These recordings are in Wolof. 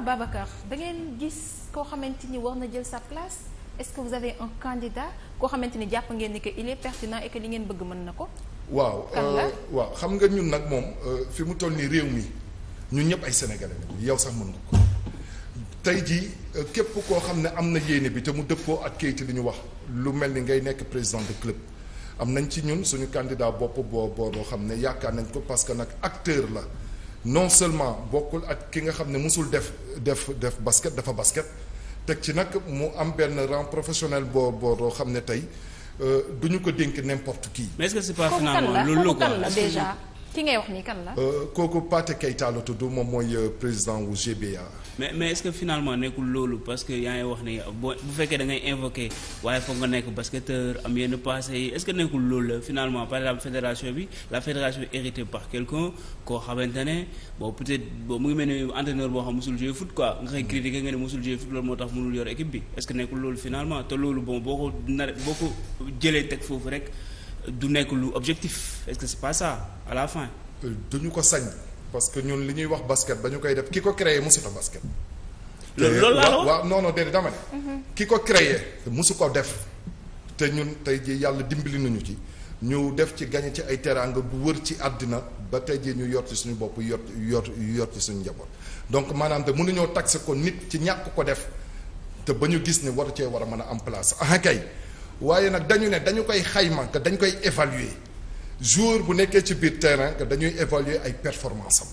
pourquoi Babacar da ngeen gis koo xamante ni war na jël sa place est-ce que vous avez un candidat koo xamante ni jàpp ngeen ni que il est pertinent et que li ngeen bëgg mën na ko. waaw euh, waaw xam nga ñun nag moom euh, fi mu toll nii réew mi ñun ñëpp ay sénégalais yow sax mën nga ko tey jii euh, képp koo xam ne am na yéene bi te mu dëppoo ak kayit lu ñu wax lu mel ni ngay nekk président de club. am nañ ci ñun suñu candidat bopp boo boo xam ne yaakaar nañ ko parce que nag acteur la. non seulement bokkul ak ki nga xam ne mosul def def def basket dafa basket teg ci nag mu am benn rang professionnel boo boo xam ne tey euh, du ñu ko dénk n'importe kii mais est-ce que c'est pas finalement la déjà ki ngay wax ni kan la. Euh, kooku Pathé Keita la tudd moom mooy euh, président wu GBA. mais mais est-ce que finalement nekkul loolu parce que yaa ngi wax ni boo bu fekkee da ngay invoqué waaye foog nga nekk basketteur am yenn passé yi est que nekkul loolu la finalement par exemple fédération bi la fédération héritée par quelqu'un koo xamante ne bon peut-être bon mu ngi mel ni entraîneur boo xam musul jouer foot quoi nga koy critiquer nga ne musul jouer foot moo tax mënul yor équipe bi est-ce que nekkul loolu finalement te loolu bon boo ko nar boo ko jëlee rek. du nekk lu objectif est-ce que c'est pas ça euh, ko sañ parce que ñun li ñuy wax basket ba ñu koy def ki ko créé musuta basket. loolu loolu la waaw non non déedéet dama mhm. ki ko créé mosu ko def te ñun tey jii yàlla dimbali nañu ci ñu def ci gañe ci ay teraanga bu wër ci àddina ba tey jii ñu yor suñu bopp yor yor yor ci suñu njaboot donc maanaam te ñoo taxe ko nit ci ñàkk ko def te ba ñu gis ne war cee war a mën a am place ah waaye nag dañu ne dañu koy xayma que dañ koy évaluer joueur bu nekkee ci biir terrain que dañuy évaluer ay performance am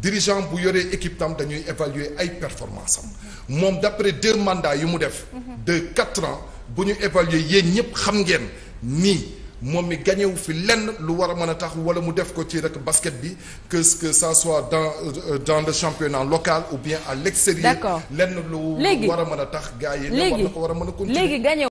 dirigeant bu yoree équipe tam dañuy évaluer ay performance am moom d'après deux mandats yu mu def mhm. de quatre ans bu ñu évaluer yéen ñëpp xam ngeen nii moom mi gañewu fi lenn lu war a mën a tax wala mu def ko ci rek basket bi que que ça soit dans euh, dans le championnat local ou bien à l'extérieur lenn lu war a mën a tax gars yi war na mën